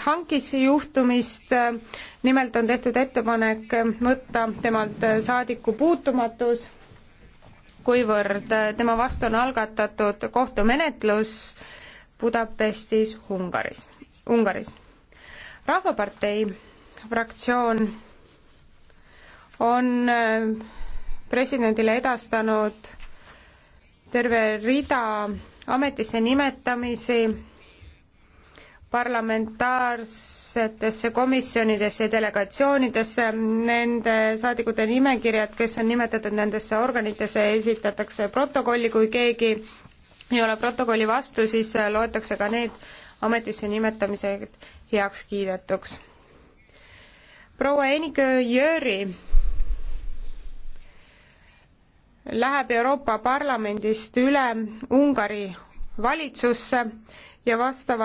Hankisi juhtumist, nimelt on tehtud ettepanek võtta temalt saadiku puutumatus, kuivõrd tema vastu on algatatud kohtumenetlus Budapestis, Ungaris, Ungaris. rahvapartei fraktsioon on äh, presidendile edastanud terve rida ametisse nimetamisi parlamentaarsetesse komisjonidesse ja delegatsioonidesse, nende saadikute nimekirjad, kes on nimetatud nendesse organitesse, esitatakse protokolli, kui keegi ei ole protokolli vastu, siis loetakse ka need ametisse nimetamised heaks kiidetuks. proua Enikö Jüri läheb Euroopa Parlamendist üle Ungari valitsusse ja vastava